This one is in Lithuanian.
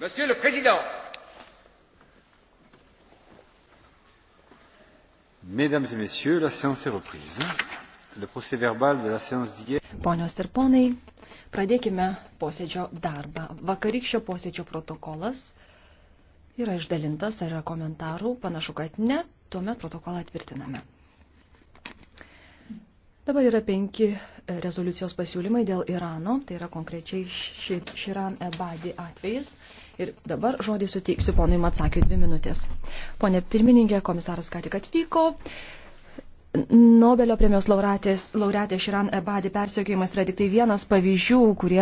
Monsieur le Président, Mesdames et messieurs, la séance est reprise. Le procès verbal de la séance d'hier. Ponios ir ponai, pradėkime posėdžio darbą. Vakarykščio posėdžio protokolas yra išdalintas, ar yra komentarų, panašu, kad ne, tuomet protokolą tvirtiname. Dabar yra penki e, rezoliucijos pasiūlymai dėl Irano, tai yra konkrečiai Širan Ebadi atvejis. Ir dabar žodį suteiksiu ponui Matsakiu dvi minutės. Pone pirmininkė, komisaras ką tik atvyko. Nobelio premijos laureatė Širan Ebadi persiekėjimas yra tik tai vienas pavyzdžių, kurie